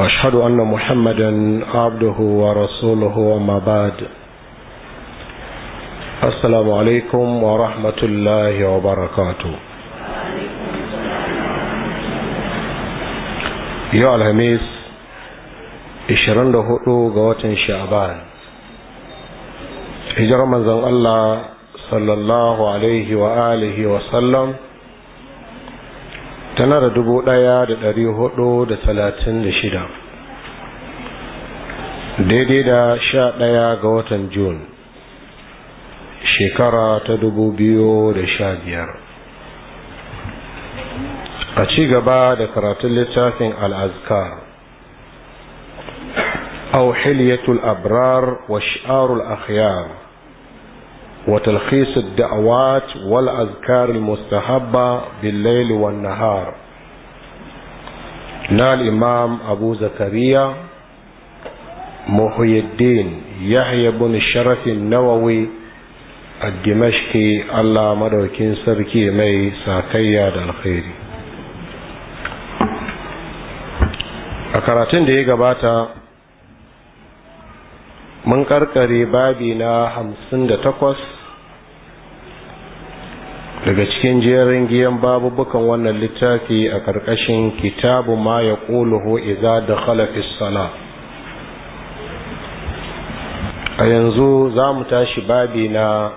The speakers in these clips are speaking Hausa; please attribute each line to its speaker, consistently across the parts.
Speaker 1: واشهد ان محمدا عبده ورسوله وما بعد السلام عليكم ورحمه الله وبركاته يا الهميس 24 ga watan sha'ban hijirar manzon Allah sallallahu alaihi wa alihi wa sallam tana da dubu ɗaya da ɗari hudu da talatin da shida daidai da sha ɗaya ga watan jun shekara ta dubu biyu da sha biyar a ci gaba da karatun littafin al'azkar أو abrar wa وشعار akhyar وتلخيص الدعوات والأذكار المستحبة بالليل والنهار نال الإمام أبو زكريا محي الدين يحيى بن الشرف النووي الدمشقي الله مدوكين سركي مي ساكيا الخير a دي قباتا من gabata mun karkare babi na daga cikin jerin giyan babubukan wannan littafi a ƙarƙashin kitabu ma ya ƙuluhu iza da khalafis sana a yanzu za mu tashi babi na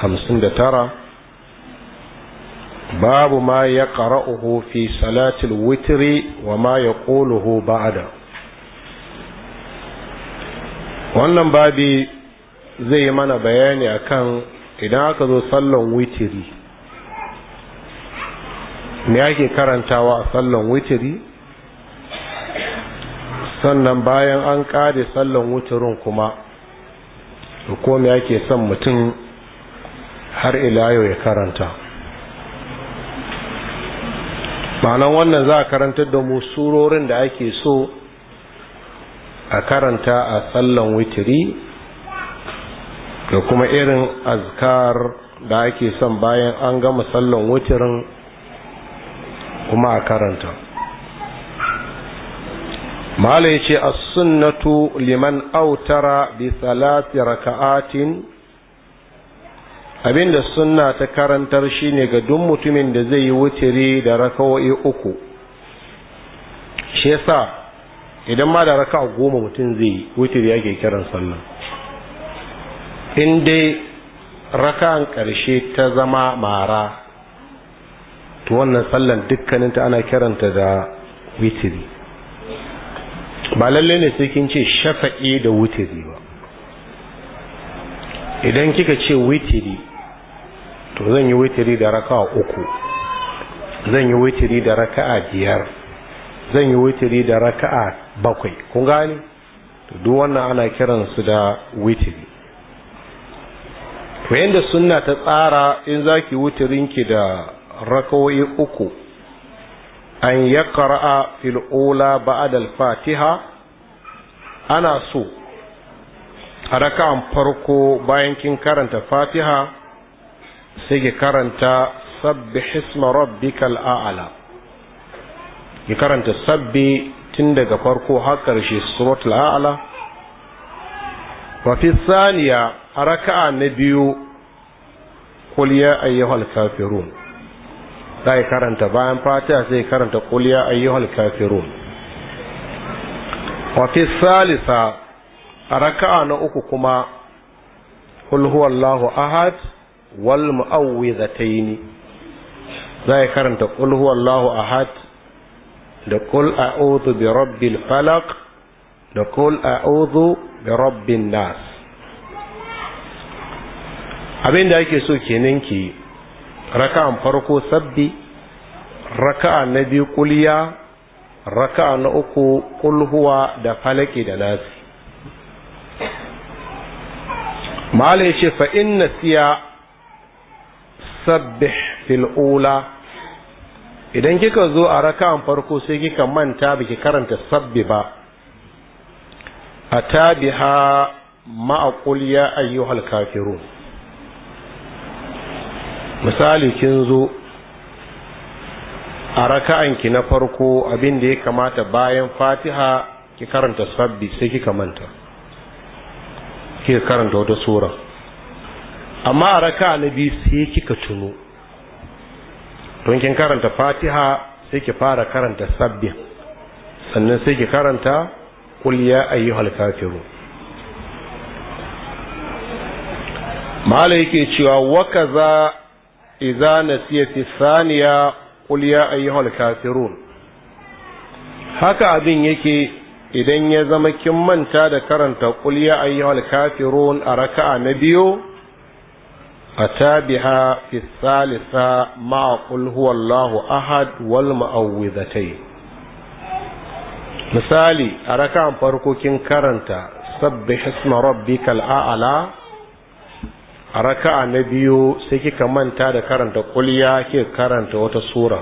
Speaker 1: hamsin da tara babu ma ya ƙara'uhu fi salatul witiri wa ma ya ƙuluhu ba'ada wannan babi zai yi mana bayani akan idan aka zo sallan witiri me ake karantawa a sallan witiri sannan bayan an kare sallan witirin kuma ko me ake son mutum har ila ya karanta ma'anan wannan za a karanta da mu surorin da ake so a karanta a sallan witiri da kuma irin azkar da ake son bayan an gama sallar wucirin kuma a karanta mala ya ce sunnatu liman autara bi salati raka'atin abinda sunna ta karantar shine ga duk mutumin da zai yi wutiri da raka'o'i uku shi yasa idan ma da raka'a goma mutum zai yi wutiri yake kiran sallah in dai raka'an ƙarshe ta zama mara to wannan sallan dukkaninta ana kiranta da witiri ba lalle ne sai kin ce shafa'i da witiri ba idan kika ce witiri to zan yi witiri da raka'a uku zan yi witiri da raka'a biyar zan yi witiri da raka'a bakwai kun gane to duk wannan ana kiransu da witiri to yanda sunna ta tsara in zaki wutirinki da rakawai uku an ya ƙara'a fil'ula ba'adal fatiha ana so a raka'an farko bayan kin karanta fatiha sai ki karanta sabbi hisma rabbikal a'ala ki karanta sabbi tun daga farko har ƙarshe suratul a'ala وفي الثانية ركعة نبيو قل يا أيها الكافرون لا يكرن بان فاتح زي كرن تقول يا أيها الكافرون وفي الثالثة ركعة نؤككما قل هو الله أحد والمؤوذتين لا يكرن تقول هو الله أحد لقل أعوذ برب الفلق لقل أعوذ Da rabbin nas abin da ake so kenan ki raka'an farko sabbi raka'a na biyu kulya raka'a na uku kulhuwa da falaki da nasi ya ce fa inna siya sabbih fil ula idan kika zo a raka'an farko sai kika manta biki karanta sabbi ba A tabiha ma'a ya ayyuhal misali kin zo a raka'anki na farko abin da ya kamata bayan fatiha ki karanta sabbi sai kika manta kika karanta wata sura amma a raka'a na biyu sai kika tuno don kin karanta fatiha sai ki fara karanta sabbi sannan sai ki karanta qul ayyuhal kafirun mala yake cewa wa kaza idza nasiya fi thaniya qul ya ayyuhal kafirun haka abin yake idan ya zama kin manta da karanta qul ya ayyuhal kafirun a raka'a na biyu أتابها في الثالثة مع قل هو الله أحد والمعوذتين misali a raka'an farko kin karanta sabbih isma rabbikal kal'a'ala, a raka'a na biyu sai kika manta da karanta kulya kika karanta wata sura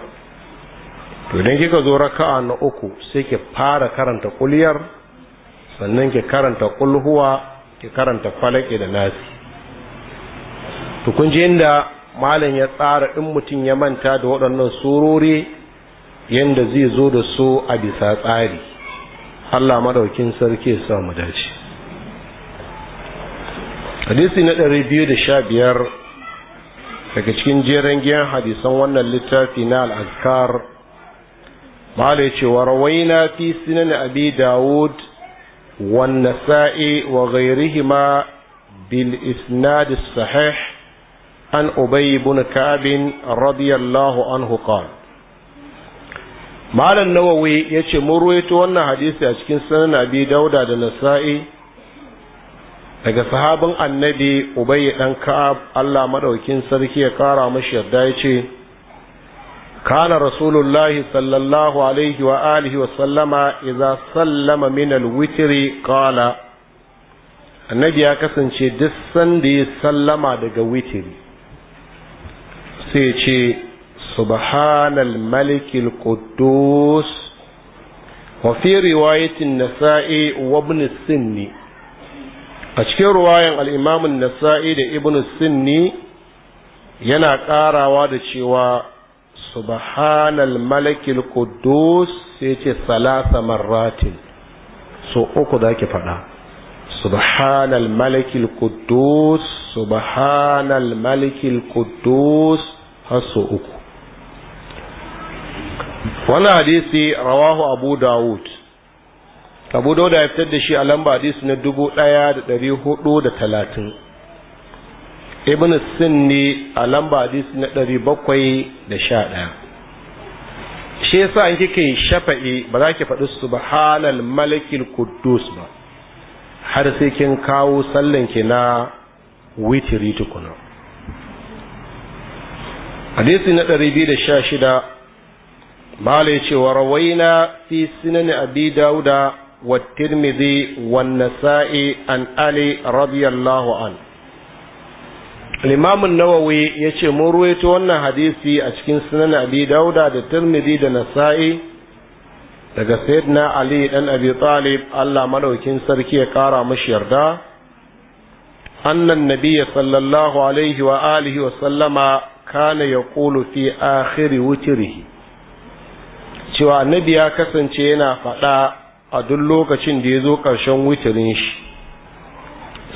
Speaker 1: to idan kika zo raka'a na uku sai ki fara karanta kulyar sannan ki karanta kulhuwa ki karanta falaki da nasi to kun inda malam ya tsara in mutum ya manta da waɗannan surori yadda zai zo da su a bisa tsari Allah madaukin sarki ya sa mu dace hadisi na 215 daga cikin jeren giyan hadisan wannan littafi na al-azkar malai ce wa rawaina fi sunan abi dawud wan nasa'i wa ma bil isnad as-sahih an ubay ibn kabin radiyallahu anhu qala malam nawawi ya ce mun ruwaito wannan hadisi a cikin sanan abi dauda da nasa'i daga sahabin annabi ubayy dan ka'ab Allah madaukin sarki ya kara mashi yarda ya ce kana rasulullahi sallallahu alaihi wa alihi wa sallama idza sallama min alwitri qala annabi ya kasance duk sanda ya sallama daga witiri sai ce سبحان الملك القدوس وفي رواية النساء وابن السن أشكي رواية الإمام النساء ابن السن ينا قارا وادشوا سبحان الملك القدوس سيتي ثلاث مرات سو أكو ذاك فدا سبحان الملك القدوس سبحان الملك القدوس هسو أكو wannan hadisi rawahu abu dawud abu dawud ya fitar da shi a lamba hadisi na dubu ɗaya da ɗari hudu da talatin ibn sinni a lamba hadisi na ɗari bakwai da sha ɗaya shi yasa in kike shafa'i ba za ki faɗi subhanal malakil kuddus ba har sai kin kawo sallan ki na witiri tukuna hadisi na ɗari biyu da sha shida malai ce wa rawaina fi sunan abi dauda wa tirmidhi wa nasa'i an ali radiyallahu an limamin nawawi ya ce mun ruwaito wannan hadisi a cikin sunan abi dauda da tirmidhi da nasa'i daga sayyidina ali dan abi talib Allah madaukin sarki ya kara mashi yarda annan nabiyya sallallahu alaihi wa alihi wa sallama kana yaqulu fi akhiri wutrihi cewa annabi ya kasance yana faɗa a duk lokacin da ya zo ƙarshen witirin shi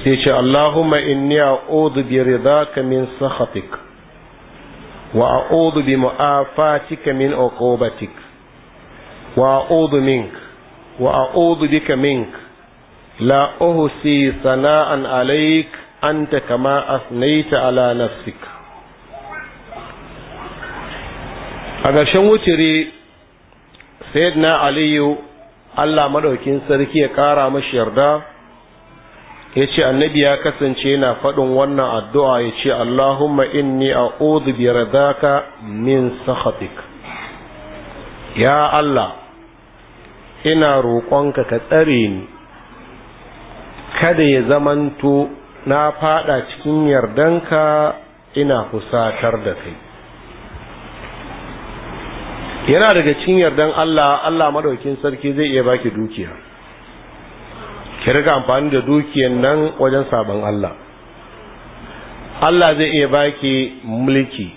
Speaker 1: sai ce Allahumma inni a'udhu bi ridaka min sakhatik wa a'udhu bi mu'afatika min uqubatik wa a'udhu mink wa a'udhu bika mink la uhsi sana'an alayk anta kama asnaita ala nafsik a ƙarshen wutiri na aliyu allah maɗaukin sarki ya kara mashi yarda ya ce annabi ya kasance yana faɗin wannan addu'a ya ce allahumma inni biyar za ka min sakhatik ya allah ina roƙonka ka tsare ni kada ya zamanto na faɗa cikin yardanka ina fusatar da kai yana daga cikin yardan Allah Allah madaukin sarki zai iya baki dukiya ki riga amfani da dukiyan nan wajen sabon Allah Allah zai iya baki mulki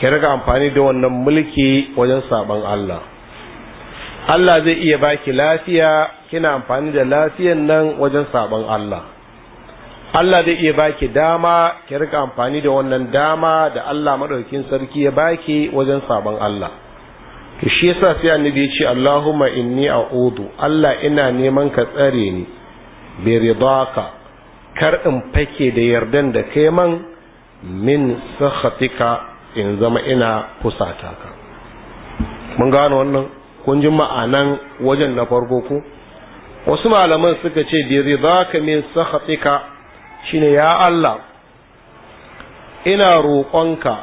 Speaker 1: ki riga amfani da wannan mulki wajen sabon Allah Allah zai iya baki lafiya kina amfani da lafiyan nan wajen sabon Allah Allah zai iya baki dama ki riga amfani da wannan dama da Allah madaukin sarki ya baki wajen sabon Allah to shi yasa sai annabi ya ce Allahumma inni a'udhu Allah ina neman ka tsare ni bi ridaka kar in fake da yardan da kai man min sakhatika in zama ina kusata ka mun gano wannan kun ji ma'anan wajen na farko ko wasu malaman suka ce bi ridaka min sakhatika shine ya Allah ina roƙonka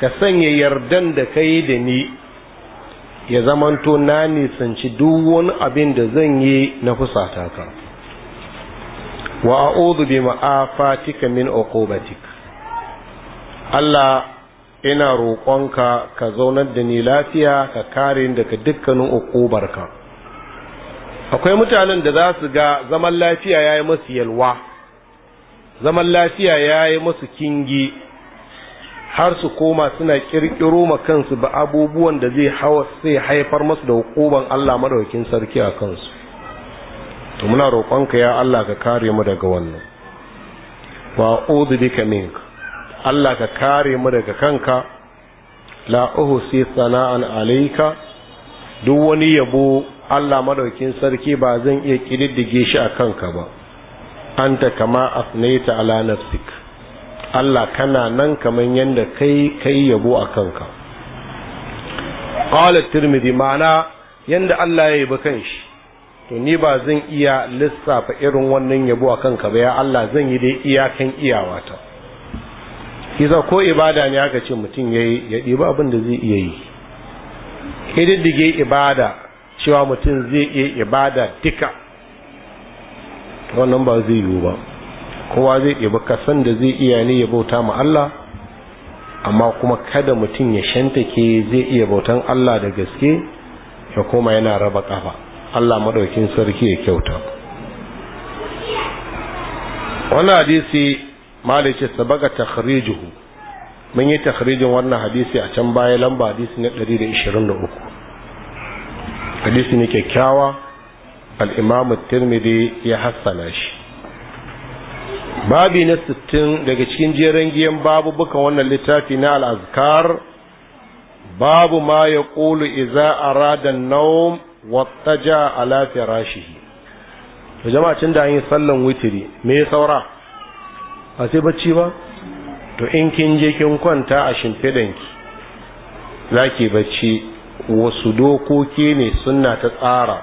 Speaker 1: ka sanya yardan da kai da ni ya zamanto na nisanci duk wani abin da zan yi na fusata ka wa a'udhu bi ma'afatika min uqubatik Allah ina roƙonka ka zaunar da ni lafiya ka kare ni daga dukkanin okobarka. akwai mutanen da za su ga zaman lafiya yayi musu yalwa zaman lafiya yayi musu kingi har su koma suna kirkiro ma kansu ba abubuwan da zai sai haifar masu da hukuman Allah Madaukin sarki a kansu to muna roƙonka ya Allah ka kare mu daga wannan wa a'udhu bika mink Allah ka kare mu daga kanka la uhsi sana'an alayka duk wani yabo Allah Madaukin sarki ba zan iya kididdige shi a kanka ba anta kama asnaita ala nafsika Allah kana nan kaman yanda kai kai yabo a kanka qala tirmidhi ma'ana yadda Allah ya ba kanshi to ni ba zan iya lissafa irin wannan yabo a kanka ba ya Allah zan yi dai iyakan iyawata kisa ko ibada ne aka ce mutum yayi ya ɗiba abin da zai iya yi kididdige ibada cewa mutum zai iya ibada duka wannan ba zai yiwu ba kowa zai ɗebi kasan da zai iya ne ya bauta ma Allah amma kuma kada mutum ya shantake zai iya bautan Allah da gaske ya koma yana raba kafa Allah madaukin sarki ya kyauta wannan hadisi malice sabaga takhrijuhu mun yi takhrijin wannan hadisi a can baya lamba hadisi na 123 hadisi ne kyakkyawa al-imam ya hassana shi babi na sittin daga cikin jeren giyan babu buka wannan littafi na al'azkar babu ma ya ƙulu iza arada naum wattaja a firashihi to jama'a tun da an yi sallan witiri me ya saura a sai bacci ba to in kin je kin kwanta a shimfidanki za ki bacci wasu dokoki ne suna ta tsara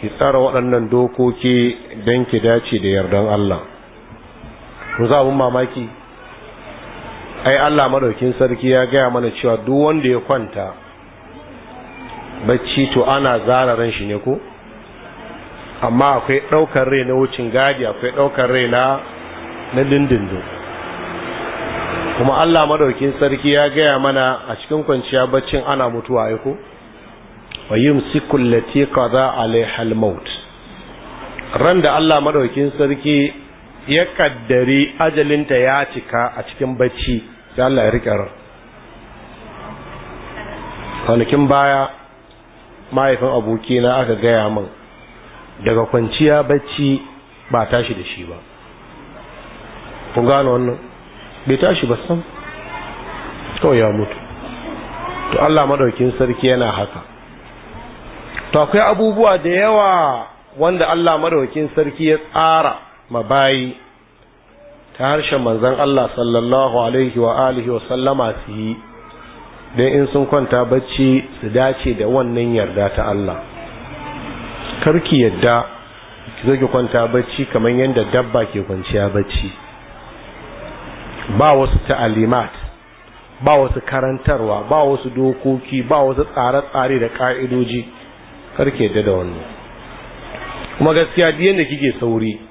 Speaker 1: ki tsara waɗannan dokoki don ki dace da yardan Allah to za mun mamaki ai Allah madaukin sarki ya gaya mana cewa duk wanda ya kwanta bacci to ana zara ran shi ne ko amma akwai ɗaukar rai na wucin gadi akwai ɗaukar rai na na dindindin kuma Allah madaukin sarki ya gaya mana a cikin kwanciya baccin ana mutuwa ai ko wa yumsiku allati qada alaiha maut ran da Allah madaukin sarki ya kaddari ajalinta ya cika a cikin bacci ya Allah ya riƙe ran kwanakin baya mahaifin abokina aka gaya min daga kwanciya bacci ba tashi da shi ba Ku gano wannan bai tashi ba sam kawai ya mutu to Allah madaukin sarki yana haka to akwai abubuwa da yawa wanda Allah madaukin sarki ya tsara mabayi ta harshen manzan Allah sallallahu alaihi wa alihi wa sallama su yi don in sun kwanta bacci su dace da wannan yarda ta Allah karki yadda ki kwanta bacci kamar yadda dabba ke kwanciya bacci ba wasu ta'alimat ba wasu karantarwa ba wasu dokoki ba wasu tsare-tsare da ka'idoji karki yadda da wannan kuma gaskiya biyan da kike sauri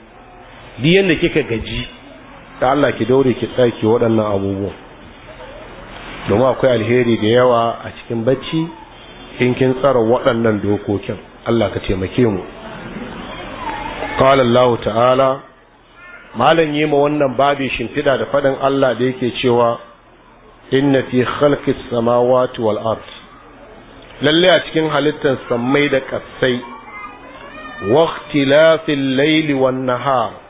Speaker 1: Biyan da kika gaji ta Allah ki daure ki tsaki waɗannan abubuwan domin akwai alheri da yawa a cikin bacci in kin tsara waɗannan dokokin Allah ka taimake mu qala Allah ta'ala malam yi ma wannan babi shimfida da faɗin Allah da yake cewa inna fi khalqis samawati wal ard lalle a cikin halittar sammai da ƙasai waqtilafil layli wan nahar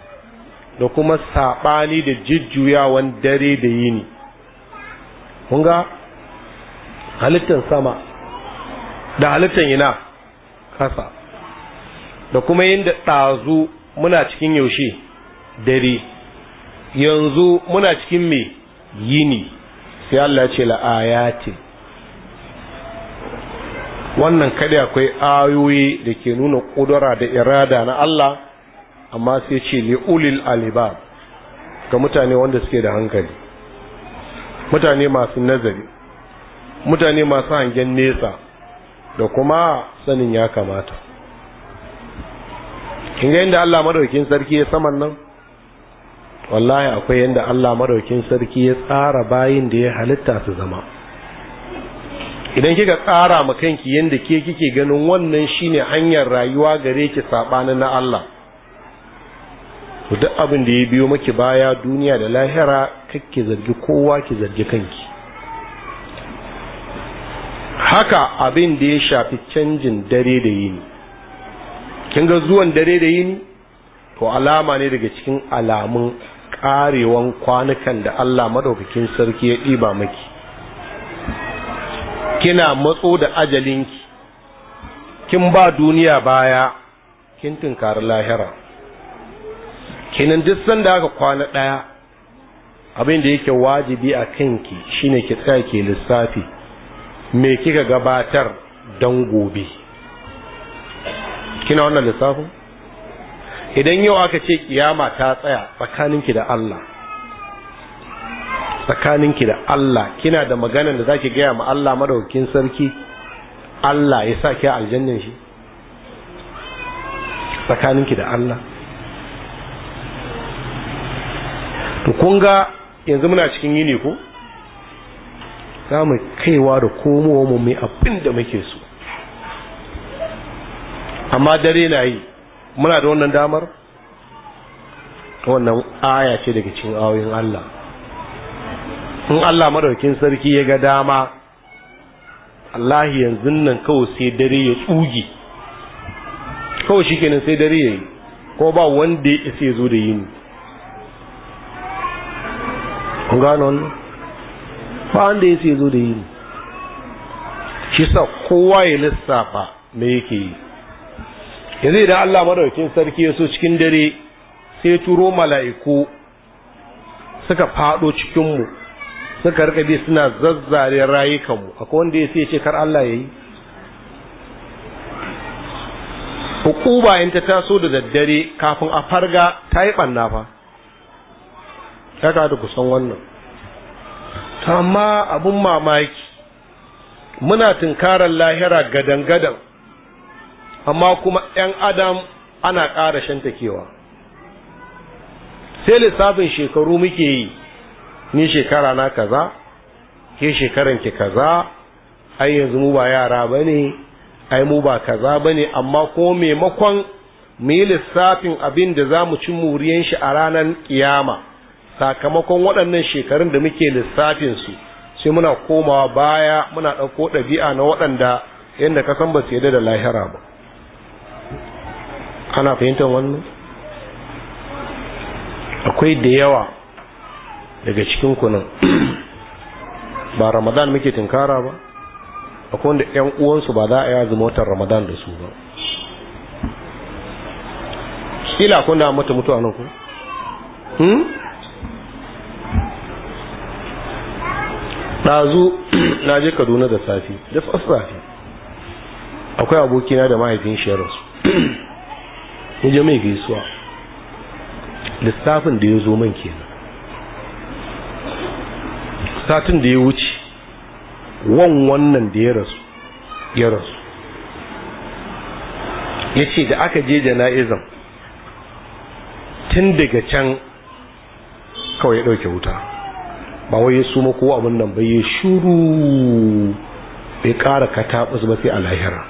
Speaker 1: da kuma saɓani da jujjuyawan dare da yini kun ga halittan sama da halittan yana kasa da kuma yin da ɗazu muna cikin yaushe dare yanzu muna cikin me yini sai Allah ce la'ayati wannan kada akwai ayoyi da ke nuna ƙudura da irada na Allah amma sai ce li ulil alibab ga mutane wanda suke da hankali mutane masu nazari mutane masu hangen nesa da kuma sanin ya kamata kin ga yadda Allah madaukin sarki ya saman nan wallahi akwai yadda Allah madaukin sarki ya tsara bayin da ya halitta su zama idan kika tsara ma kanki yadda ke kike ganin wannan shine hanyar rayuwa gare ki sabanin na Allah duk abin da ya biyo maki baya duniya da lahira kake zargi kowa ki zargi kanki haka abin da ya shafi canjin dare da yini kin ga zuwan dare da yini to alama ne daga cikin alamun karewan kwanukan da Allah madaukakin sarki ya ɗiba maki kina matso da ajalinki kin ba duniya baya kin tunkari lahira kenan duk sanda aka kwana ɗaya abin da yake wajibi a kanki shine ki tsaya ke lissafi me kika gabatar don gobe kina wannan lissafin idan yau aka ce kiyama ta tsaya tsakaninki da Allah tsakaninki da Allah kina da maganar da zaki gaya ma Allah madaukakin sarki Allah ya sa ki aljannan shi tsakaninki da Allah to kun ga yanzu muna cikin yini ko za mu kaiwa da komowa mu mai abin da muke so amma dare na yi muna da wannan damar wannan aya ce daga cikin awoyin Allah in Allah madaukin sarki ya ga dama Allah yanzu nan kawai sai dare ya tsugi kawai kenan sai dare ya yi ko ba wanda ya isa ya zo da yini kun non ba wanda ya ce zo da yi shi kowa ya lissafa me yake yi yanzu idan Allah madaukakin sarki ya so cikin dare sai turo mala'iku suka fado cikin mu suka rika bi suna zazzare rayukan mu akwai wanda ya ce kar Allah yayi hukuma in ta taso da daddare kafin a farga ta yi banna fa ya da kusan wannan ta amma abun mamaki muna tunkarar lahira gadan-gadan amma kuma 'yan adam ana ƙara shantakewa sai lissafin shekaru muke yi ni shekara na kaza ke shekaran ki kaza ai yanzu mu ba yara bane ai mu ba kaza bane amma ko maimakon mu yi lissafin abin da za mu ci muriyan shi a ranar kiyama sakamakon waɗannan shekarun da muke lissafin su sai muna komawa baya muna ɗauko ɗabi'a na waɗanda yadda ka san ba su yadda da lahira ba ana fahimtar wannan akwai da yawa daga cikin kunan ba ramadan muke tunkara ba akwai wanda 'yan uwansu ba za a yi azumin ramadan da su ba kila kun da mata mutuwa nan ku hmm? ɗazu na je kaduna da safi da safi akwai abokina da mahaifin shi rasu ya je mai gaisuwa lissafin da ya zo man kenan satin da ya wuce wan wannan da ya rasu ya rasu ya ce da aka je jana'izan tun daga can kawai ya ɗauke wuta ba wai ya suma ko abin nan ba ya shuru bai kara ka kataɓus ba sai a lahira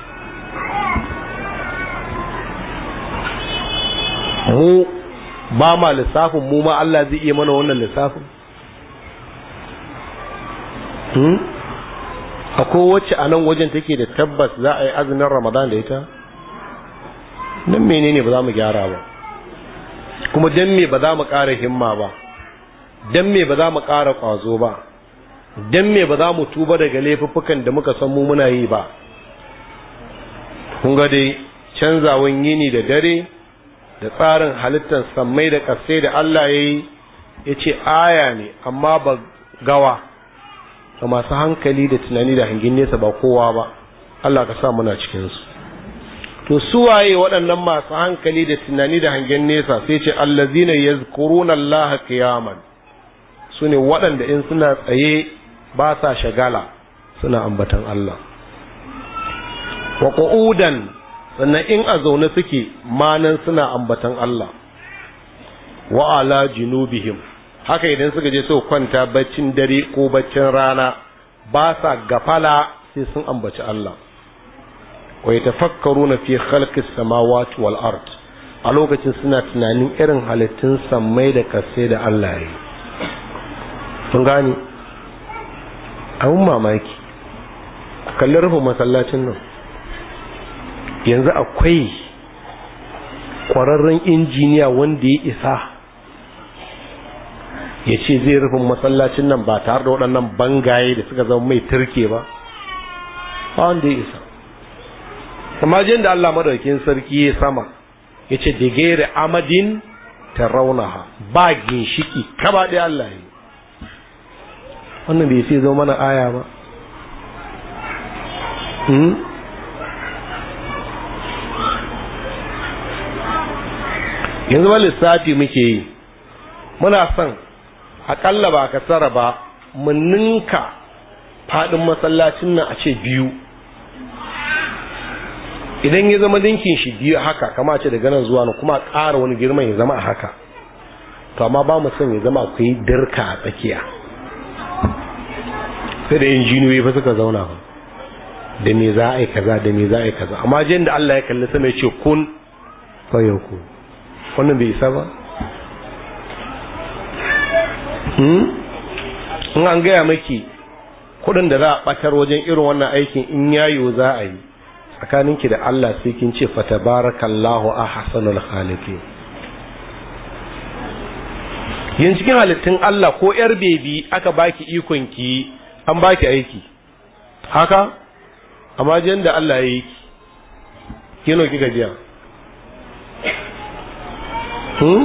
Speaker 1: mu ba ma lissafin mu ma Allah zai iya mana wannan lissafin hmm? akwai wacce a nan wajen take da tabbas za a yi azumin ramadan da ita nan menene ba za mu gyara ba kuma don me ba za mu ƙara himma ba dan me ba za mu ƙara ƙwazo ba dan me ba za mu tuba daga laifuffukan da muka san mu muna yi ba kun ga dai canzawan yini da dare da tsarin halittar sammai da ƙasse da Allah ya yi ya ce aya ne amma ba gawa da masu hankali da tunani da hangin nesa ba kowa ba Allah ka sa muna cikinsu to suwaye waɗannan masu hankali da tunani da hangen nesa sai ce allazina yazkuruna Allah kiyaman. su ne waɗanda in suna tsaye ba sa shagala suna ambatan Allah wa qu'udan sannan in a zaune suke manan suna ambatan Allah wa ala jinubihim haka idan suka je so kwanta baccin dare ko baccin rana ba sa gafala sai sun ambaci Allah wa tafakkaru na fi halkis samawati wal ard a lokacin suna tunanin irin halittun sammai da kasai da Allah ya kun gani abin mamaki kalli rufin masallacin nan yanzu akwai kwararren injiniya wanda ya isa ya ce zai rufin masallacin nan ba tare da waɗannan bangaye da suka zama mai turke ba ba wanda ya isa amma jin da Allah madaukin sarki ya sama ya ce da gairi amadin ta raunaha ba ginshiki kaba ɗaya Allah wannan bai sai zama mana aya ba hmm? yanzu ba lissafi muke yi muna son akalla ba ka tsara ba muninka ninka faɗin masallacin nan a ce biyu idan ya zama dinkin shi biyu haka kama ce daga nan zuwa na kuma ƙara wani girman ya zama a haka to amma ba mu son ya zama akwai dirka a tsakiya sai da injiniyoyi ba suka zauna ba da me za a yi kaza da me za a yi kaza amma jin da Allah ya kalli sama ya ce kun ku wannan bai isa ba hmm? in an gaya maki kudin da za a batar wajen irin wannan aikin in yayo za a yi ki da Allah sai kin ce fatabarakallahu a hasanul khaliqi yin cikin halittun Allah ko yar bebi aka baki ikon ki an baki aiki haka amma jiyan da Allah ya yi ki kino ki gajiya hmm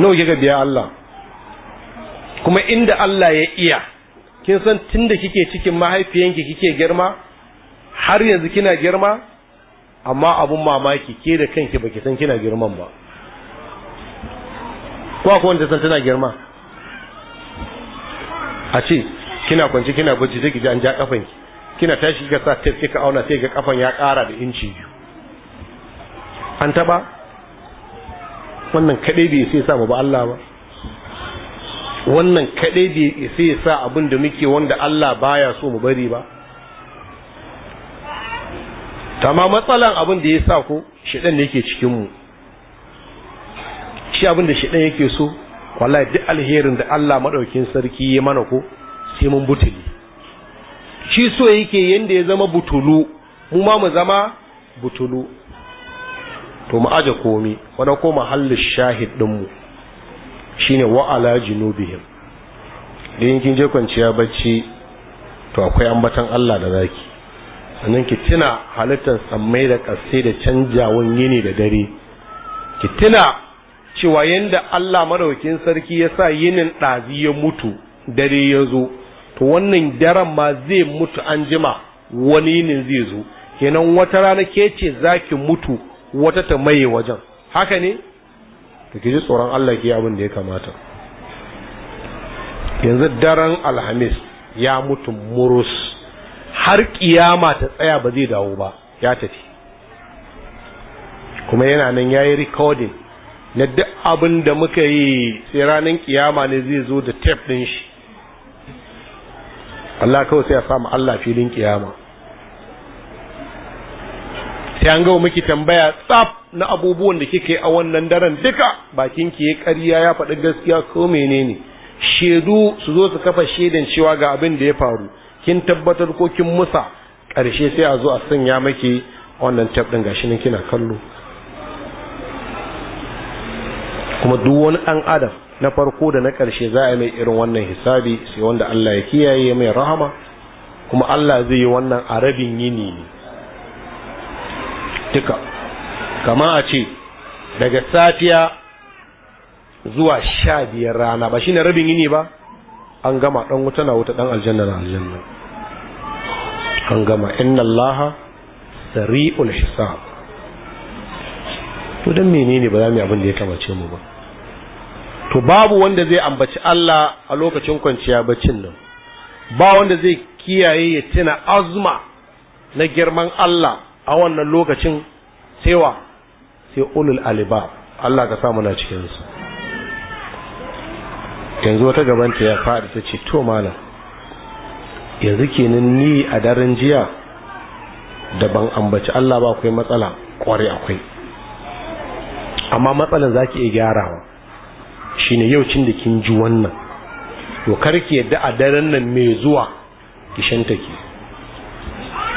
Speaker 1: nawa ki biya Allah kuma inda Allah ya iya kin san tunda kike cikin mahaifiyanki kike girma har yanzu kina girma amma abun mamaki ke da kanki baki san kina girman ba ko akwai wanda san tana girma a ce kina kwance kina bacci sai ki an ja kafan ki kina tashi kika sa tape kika auna sai ga kafan ya kara da inci biyu an taba wannan kadai bai sai sa mu ba Allah ba wannan kadai bai sai sa abin da muke wanda Allah baya so mu bari ba tama matsalan abin da ya sa ko shedan ne yake cikin mu shi abin da shedan yake so wallahi duk alherin da Allah maɗaukin sarki ya mana ko sai mun butuli shi so yake yanda ya zama butulu mu ma mu zama butulu to mu aje komi wanda ko mahallin shahid din mu shine wa ala da yankin kin je kwanciya bacci to akwai ambatan Allah da zaki sannan ki tuna halittar tsammai da ƙasai da canjawan yini da dare ki tuna cewa yanda Allah madaukin sarki ya sa yinin ɗazi ya mutu dare ya zo to wannan daren ma zai mutu an jima wani yinin zai zo kenan wata rana ke ce za ki mutu wata ta maye wajen haka ne To ki ji tsoron Allah ke abin da ya kamata yanzu daren alhamis ya mutu murus har kiyama ta tsaya ba zai dawo ba ya tafi kuma yana nan ya yi recording na duk abin da muka yi sai ranar kiyama ne zai zo da tef ɗin shi Allah kawai sai ya samu Allah filin kiyama sai an gawa miki tambaya tsaf na abubuwan da kika yi a wannan daren duka bakin ki ya ƙarya ya faɗi gaskiya ko menene Shaidu su zo su kafa shaidan cewa ga abin da ya faru kin tabbatar ko kin musa ƙarshe sai a zo a sanya miki wannan tef ɗin gashi nan kina kallo kuma duk wani ɗan adam na farko da na ƙarshe za a mai irin wannan hisabi sai wanda Allah ya kiyaye mai rahama kuma Allah zai yi wannan a rabin yini ne duka kama a ce daga safiya zuwa sha biyar rana ba shine rabin yini ba an gama ɗan wuta na wuta ɗan aljanna na aljanna an gama inna Allah sari'ul hisab to dan menene ba za mu yi abin da ya kamace mu ba to babu wanda zai ambaci Allah a lokacin kwanciya baccin nan ba wanda zai kiyaye ya tuna azuma na girman Allah a wannan lokacin cewa sai ulul aliba Allah ka samu na cikin su yanzu wata gabanta ya faɗi ta ce to malam yanzu kenan ni a daren jiya da ban ambaci Allah ba akwai matsala kwarai akwai amma matsalan zaki iya gyarawa shine yau cin da kin ji wannan to karki yadda a daren nan mai zuwa ki ke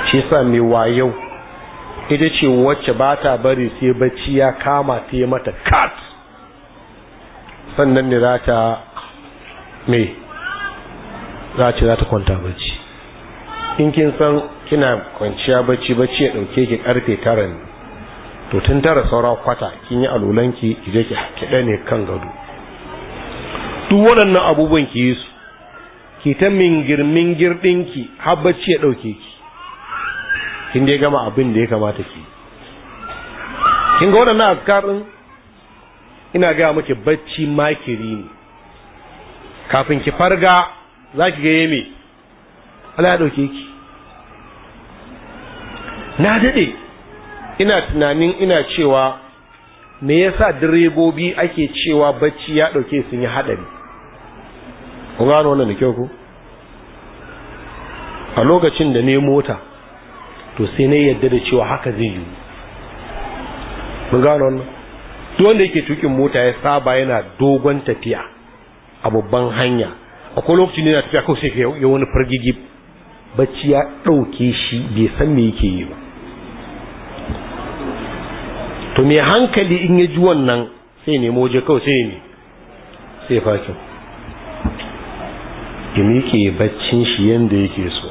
Speaker 1: shi sa mai wayau ita ce wacce ba ta bari sai bacci ya kama ta yi mata kat sannan ne za ta mai za ce za ta kwanta bacci in kin san kina kwanciya bacci bacci ya ɗauke ki karfe tara ne to tun tara saura kwata kin yi alulanki ki je ki haɗe ne kan gado duk waɗannan abubuwan ki yi su ki ta mingir mingir ɗinki har bacci ya ɗauke ki kin dai gama abin da ya kamata ki kin ga waɗannan afkarin ina gaya miki bacci makiri ne kafin ki farga za ki gaye mai, Allah ya ɗauke ki na daɗe ina tunanin ina cewa me yasa direbobi ake cewa bacci ya ɗauke sun yi haɗari kun gano wannan da kyau ku a lokacin da ne mota to sai na yadda da cewa haka zai yi mun gano wannan to wanda yake tukin mota ya saba yana dogon tafiya a babban hanya kwa lokacin da na tafiya kawai sai ya wani fargigi bacci ya ɗauke shi bai san me yake yi ba to mai hankali in ya ji wannan sai nemo je kawai sai ne sai fakin ya miƙe baccin shi yadda yake so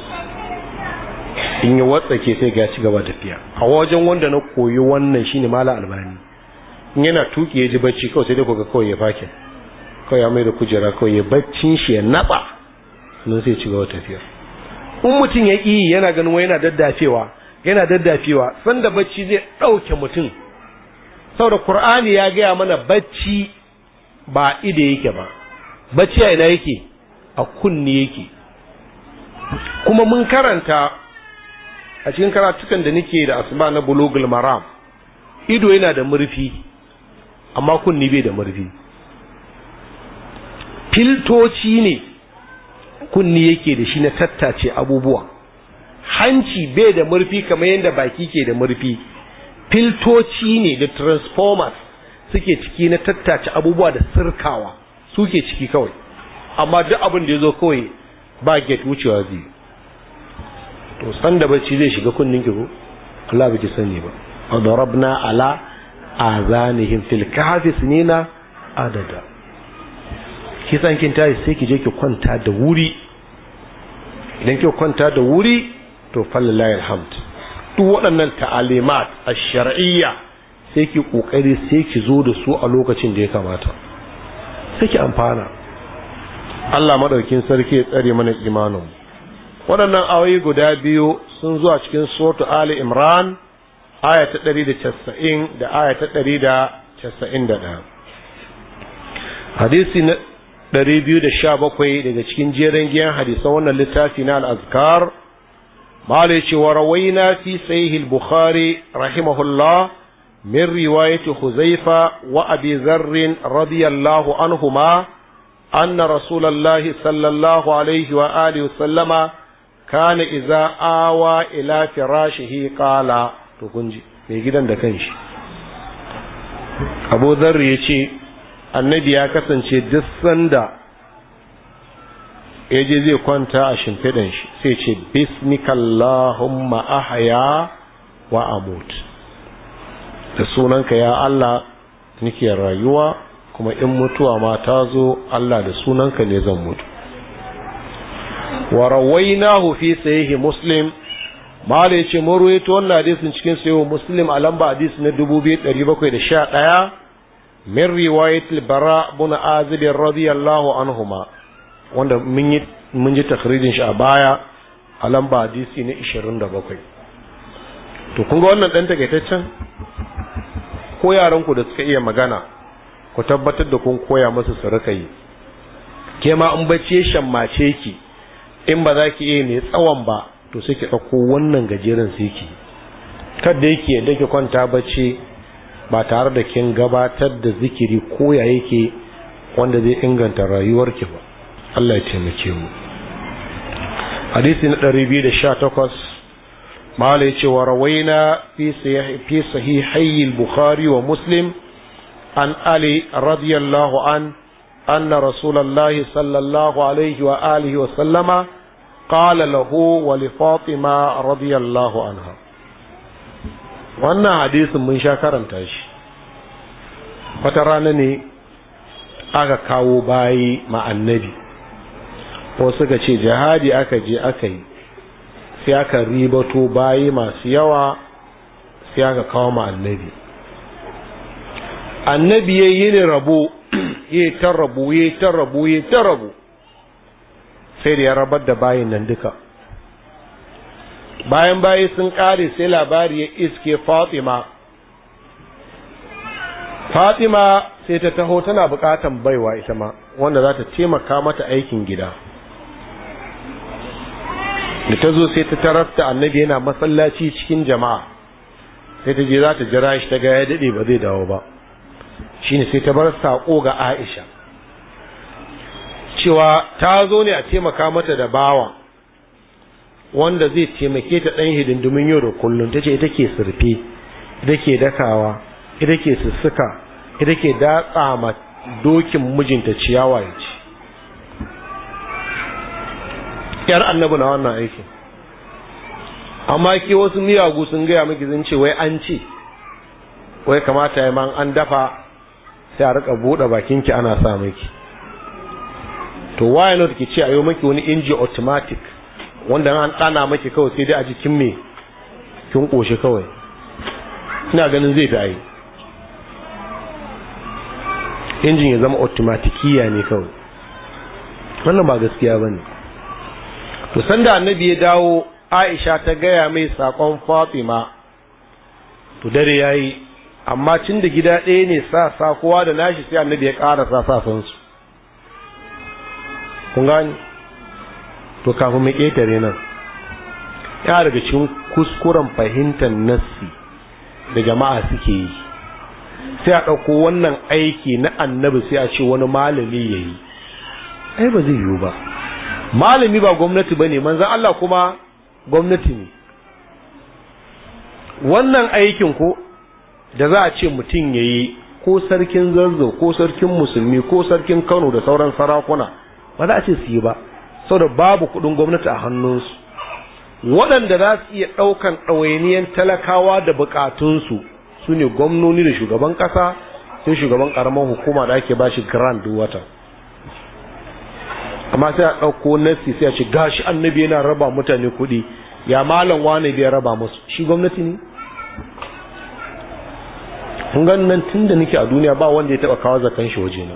Speaker 1: in watsa watsake sai ga ci gaba tafiya a wajen wanda na koyi wannan shine mala albani in yana tuki ya ji bacci kawai sai dai kuka kawai ya fakin kawai ya mai da kujera kawai ya baccin shi ya naba sannan sai ci gaba tafiya in mutum ya ƙi yana ganin wai yana daddafewa yana daddafewa sanda bacci zai ɗauke mutum saboda qur'ani ya gaya mana bacci ba ide yake ba bacci a ina yake a kunne yake kuma mun karanta a cikin karatukan da nake da asma na bulogul maram ido yana da murfi amma kunne bai da murfi filtoci ne kunne yake da shi na tattace abubuwa hanci bai da murfi kamar yadda baki ke da murfi filtoci ne da transformers suke ciki na tattace abubuwa da sirkawa suke ciki kawai amma duk abin da ya zo kawai ba get wucewa zai to san da bacci zai shiga kunnin ki ko Allah baki sani ba wa darabna ala azanihim fil kahfi sinina adada ki san kin tayi sai ki je ki kwanta da wuri idan ki kwanta da wuri to fallallahi alhamd duk waɗannan ta'alimat a shariyya sai ki kokari sai ki zo da su a lokacin da ya kamata sai ki amfana Allah madaukin sarki ya tsare mana imanin wadannan ayoyi guda biyu sun zo a cikin suratu Ali Imran aya ta 190 da aya ta 191 hadisi na 217 daga cikin jerin giyan hadisan wannan littafi na al-azkar malai ce wa rawaina fi sahih al-bukhari rahimahullah min riwayati huzaifa wa abi dharr radiyallahu anhuma أن رسول الله صلى الله عليه وآله وسلم كان إذا آوى إلى فراشه قال تقنجي ميجدا دكنش أبو ذر يشي النبي يكسن كسن شي دسندا yaje zai kwanta a shimfiɗin shi sai ce bismikallahumma ahya wa amut da sunanka ya Allah nake rayuwa kuma in mutuwa ma ta zo Allah da sunanka ne zan mutu wa rawainahu fi sahihi muslim malai ce mun ruwaito wannan hadisin cikin sahihi muslim a lamba hadisi na 2711 min riwayat al-bara ibn azib radiyallahu anhuma wanda mun yi mun ji takhrijin shi a baya a lamba hadisi na 27 to kun ga wannan dan takaitaccen ko yaran ku da suka iya magana ku tabbatar da kun koya masa su rika yi ke ma in bacci shammace ki in ba za ki iya mai tsawon ba to sai ki ɗauko wannan gajeren sai ki kadda yake yadda ki kwanta bacci ba tare da kin gabatar da zikiri ko ya yake wanda zai inganta rayuwarki ba Allah ya taimake mu hadisi na 218 mala yace wa rawaina fi sahihi al-bukhari wa muslim an ali radiyallahu an anna rasulullahi sallallahu alaihi wa alihi wa sallama qala lahu wa li fatima radiyallahu anha wannan hadisin mun sha karanta shi wata rana ne aka kawo bayi ma annabi ko suka ce jihadi aka je aka yi sai aka ribato bayi masu yawa sai aka kawo ma annabi annabi ya yi ne rabo ya ta rabo ya ta rabo ya ta rabo sai da ya rabar da bayan nan duka bayan bayi sun kare sai labari ya iske fatima fatima sai ta taho tana bukatan baiwa ita ma wanda za ta taimaka mata aikin gida da ta zo sai ta tarafta annabi yana masallaci cikin jama'a sai ta je za ta jira shi ta ga ya daɗe ba zai dawo ba shine sai ta bar sako ga Aisha cewa ta zo ne a taimaka mata da bawa wanda zai taimake ta dan hidindimin yau da kullun tace ita ke surfe ita ke dakawa ita ke sussuka ita ke datsa ma dokin mijinta ciyawa ya ci yar annabi na wannan aiki amma ke wasu miyagu sun gaya miki sun ce wai an ce wai kamata ya man an dafa sai a rika bude bakin ki ana sa miki to why not ki ce ayo miki wani inji automatic wanda an tsana miki kawai sai dai a jikin me kin koshe kawai ina ganin zai fi ai injin ya zama automatikiya ne kawai wannan ba gaskiya bane to sanda annabi ya dawo Aisha ta gaya mai sakon Fatima to dare yayi amma cin da gida ɗaya ne sa sa kowa da nashi sai annabi ya ƙara sa sa sun su kun gani to kafin mu ƙetare nan ya daga cikin kuskuren fahimtar nassi da jama'a suke yi sai a ɗauko wannan aiki na annabi sai a ce wani malami ya yi ai ba zai yiwu ba malami ba gwamnati ba ne manzan Allah kuma gwamnati ne wannan aikin ko da za a ce mutum ya yi ko sarkin zarzo ko sarkin musulmi ko sarkin kano da sauran sarakuna ba za a ce su yi ba sau da babu kuɗin gwamnati a hannunsu waɗanda za su iya ɗaukan ɗawainiyar talakawa da buƙatunsu su ne gwamnoni da shugaban ƙasa sai shugaban ƙaramin hukuma da ake ba shi grand wata amma sai a ɗauko nasi sai a ce gashi annabi yana raba mutane kuɗi ya malam wane bai raba musu shi gwamnati ne kun ga nan tunda nake a duniya ba wanda ya taba kawo zakan shi waje na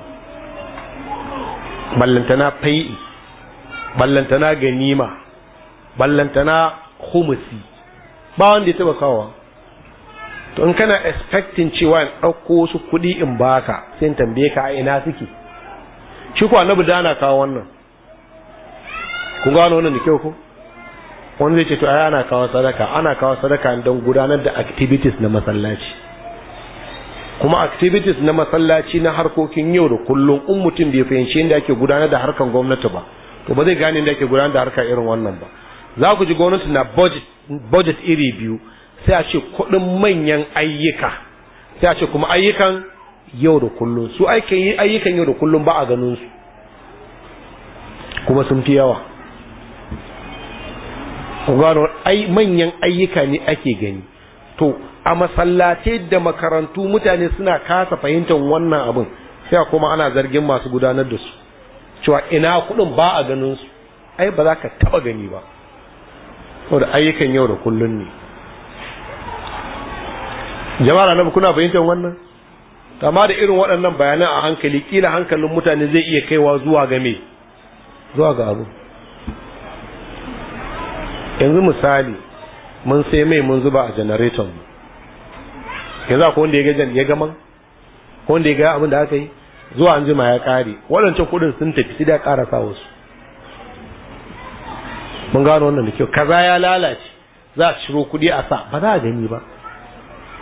Speaker 1: ballantana fai'i ballantana ganima ballantana humusi ba wanda ya taba kawo to in kana expecting cewa in ɗauko wasu kuɗi in baka sai in tambaye ka a ina suke shi ko annabi da ana kawo wannan kun gano wannan da kyau ko wani zai ce to ai ana kawo sadaka ana kawo sadaka don gudanar da activities na masallaci kuma activities na masallaci na harkokin yau da kullum in mutum bai fahimci yadda ake gudanar da harkar gwamnati ba to ba zai gane yadda ake gudanar da harka irin wannan ba za ku ji gwamnati na budget, budget iri biyu sai a ce kuɗin manyan ayyuka sai a ce kuma ayyukan yau da kullum su ayyukan yau da kullum ba a ganin su kuma sun fi yawa ku gano manyan ayyuka ne ake gani to a masallace da makarantu mutane suna kasa fahimtar wannan abin sai kuma ana zargin masu gudanar da su cewa ina kuɗin ba a ganin su ai ba za ka taɓa gani ba saboda ayyukan yau da kullun ne jama'a na kuna fahimtar wannan amma da irin waɗannan bayanan a hankali kila hankalin mutane zai iya kaiwa zuwa ga me zuwa ga abu yanzu misali mun sai mai mun zuba a generator mu yanzu akwai wanda ya ga jan ya gaman ko wanda ya ga abin da aka yi zuwa an jima ya kare waɗancan kuɗin sun tafi sai da ƙara sa wasu mun gano wannan da kyau kaza ya lalace za a ciro kuɗi a sa ba za a gani ba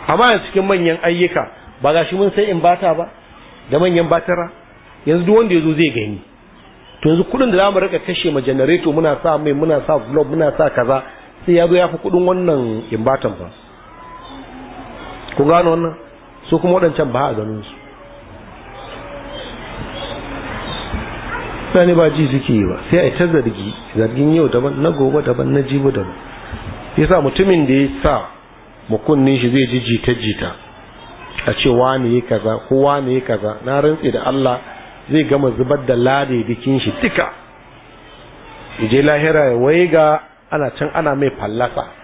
Speaker 1: amma yanzu cikin manyan ayyuka ba ga shi mun sai in bata ba da manyan batara yanzu duk wanda ya zo zai gani to yanzu kuɗin da za mu rika kashe ma janareto muna sa mai muna sa globe muna sa kaza sai ya zo ya fi kuɗin wannan in batan ba ku gano wannan su kuma waɗancan ba a ganin su ɗani ba ji suke yi ba sai a yi ta zargi zargin yau daban na gobe daban na jibo daban Ya sa mutumin da ya sa mukunnin shi zai ji jita jita a ce wane ya kaza ko wane ya kaza na rantse da Allah zai gama zubar da lade bikin shi duka ije lahira ya waiga ana can ana mai fallasa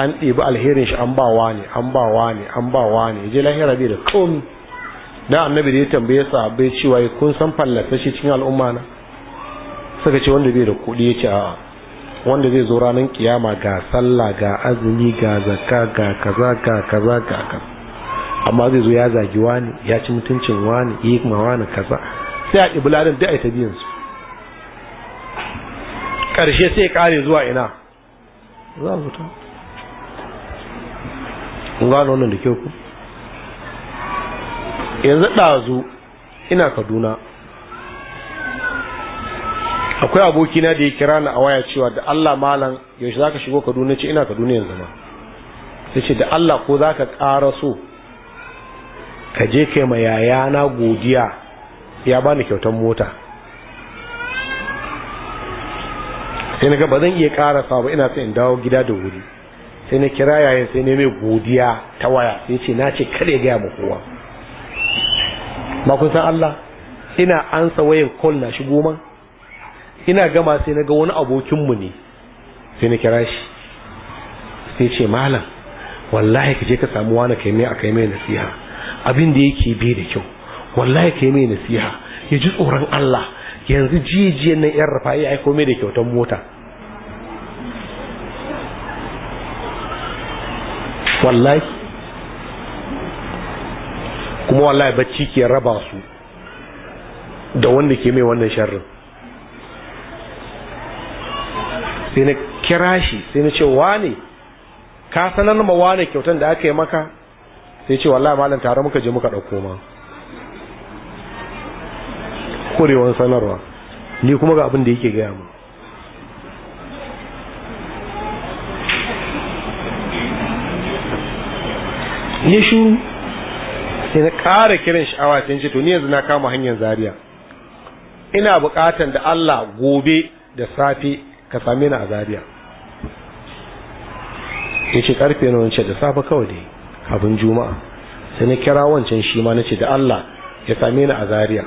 Speaker 1: an ɗebi alherin shi an bawa ne an bawa ne an bawa ne je lahira bai da komi da annabi da ya tambaye sa bai cewa kun san fallasa shi cikin al'umma na suka ce wanda bai da kuɗi ya ce a wanda zai zo ranar kiyama ga sallah ga azumi ga zakka ga kaza ga kaza ga kaza amma zai zo ya zagi wani ya ci mutuncin wani yi wa wani kaza sai a ɗibi ladan da a ta biyan su ƙarshe sai ya ƙare zuwa ina za a zuta. kun gano wannan da kyau ku yanzu ɗazu ina kaduna akwai abokina da ya kira ni a waya cewa da Allah malam yaushe zaka shigo kaduna ce ina kaduna yanzu ma sai da Allah ko zaka ƙara so ka je kai ma yayana godiya ya bani kyautar mota sai naga ba zan iya ƙarasa ba ina sai in dawo gida da wuri sai na kira yayin sai ne mai godiya ta waya sai ce na ce kada gaya ma kowa ba Allah ina ansa wayan kol na shigo man ina gama sai na ga wani abokinmu ne sai na kira shi sai ce malam wallahi ka je ka samu wani kai mai akai mai nasiha abin da yake bi da kyau wallahi kai mai nasiha ya ji tsoron Allah yanzu jijiyan nan yan rafa ya aiko mai da kyautar mota wallahi kuma wallahi bacci ke raba su da wanda ke mai wannan sharrin sai na kira shi sai na ce wane ka sanar ma wane kyautan da aka yi maka sai ce wallahi malam tare muka je muka ɗauko ma kurewan sanarwa ni kuma ga abin da yake gaya mu ya shuru sai na ƙara kiran sha'awa ta ce to ni yanzu na kama hanyar Zariya ina buƙatar da Allah gobe da safe ka same ni a Zariya. ya ce karfe na wancan da safe kawai dai abin juma'a sai na kira wancan shi ma na ce da Allah ya same ni a Zariya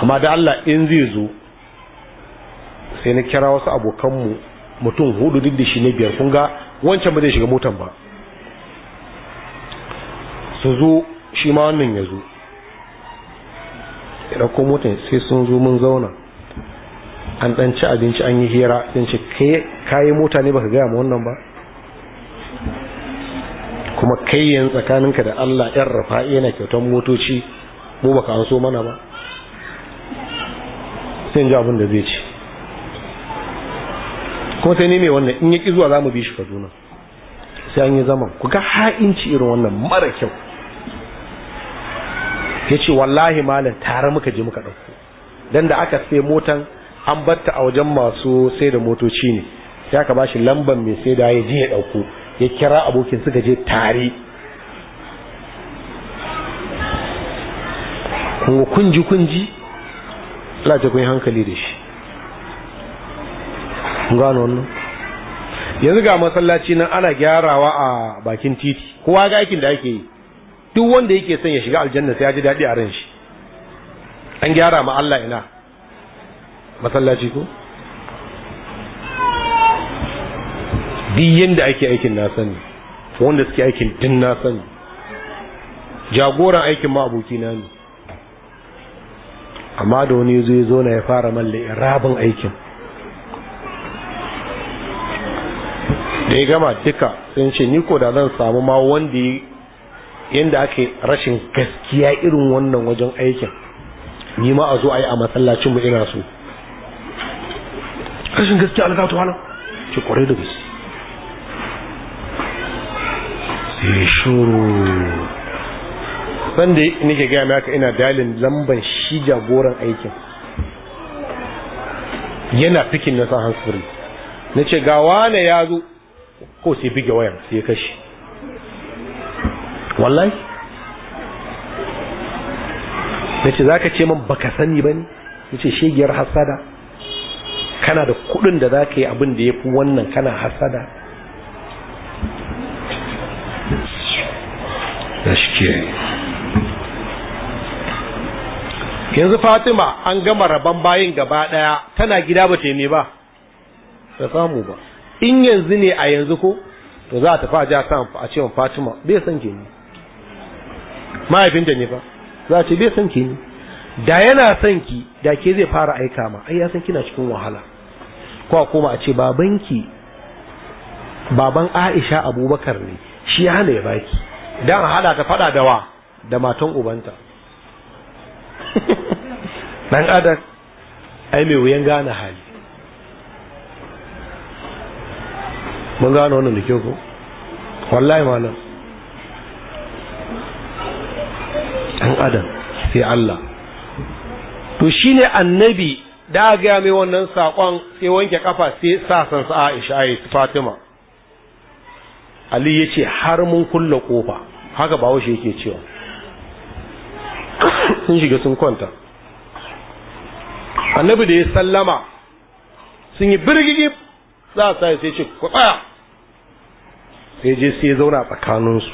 Speaker 1: amma da Allah in zai zo sai na kira wasu abokanmu mutum hudu duk da shi ne biyar kun ga wancan ba zai shiga motan ba Su zo shi ma wannan ya zo ya ɗauko mota sai sun zo mun zauna an ɗan ci abinci an yi hira sun ce kayi mota ne baka gaya ma wannan ba kuma kai yin tsakaninka da Allah yan rafa yana kyautan motoci mu baka an so mana ba sai ji abin da zai ci kuma sai ne mai wannan in ya ƙi zuwa za mu bi shi kaduna sai an yi zaman ku ga ha'inci irin wannan mara kyau ya ce wallahi malam tare muka je muka ɗauko dan da aka sai motan an batta a wajen masu sai da motoci ne sai aka bashi lamban mai sai da ya je ya ɗauko ya kira abokin suka je tare kuma kunji kunji Allah ta kun hankali da shi gano wannan yanzu ga masallaci nan ana gyarawa a bakin titi kowa ga aikin da ake yi duk wanda yake son ya shiga aljanna sai ya ji daɗi a ran shi an gyara ma Allah ina masallaci ko duk yanda ake aikin na sani wanda suke aikin din na sani jagoran aikin ma aboki na ne amma da wani zai zo na ya fara malle rabin aikin da ya gama duka sun ce ni ko da zan samu ma wanda yanda ake rashin gaskiya irin wannan wajen aikin ni ma a zo a yi a masallacin mu ina so rashin gaskiya alga ta ki da gaske sai shuru wanda nike nake gaya maka ina dalin lamban shi jagoran aikin yana fikin na san hansfuri na ce ga wane ya zo ko sai bige wayan sai kashi. kashe wallahi na ce za ka ce man baka sani ba ne ya ce shegiyar hasada kana da kudin da za ka yi abin da ya fi wannan kana hasada da shi ke yanzu fatima an gama rabon bayin gaba daya tana gida ba ne ba ta samu ba in yanzu ne a yanzu ko to za a fa a ji a cewa fatima bai san ke ne mahaifinta ne fa za a ce bai son ki ne da yana son ki da ke zai fara aika ma ai ya san kina cikin wahala ko a koma a ce babanki baban Aisha Abubakar ne shi ya hana ya baki dan hada ta fada da wa da matan ubanta dan adam ai mai wuyan gane hali mun gane wannan da kyau ko wallahi malam dan adam sai Allah to shine annabi da ga mai wannan sakon sai wanke kafa sai sa san sa Aisha ai Fatima Ali yace har mun kulle kofa haka bawo shi yake cewa sun shiga sun kwanta annabi da ya sallama sun yi birgigi za a sa sai ce ku tsaya sai je sai zauna tsakaninsu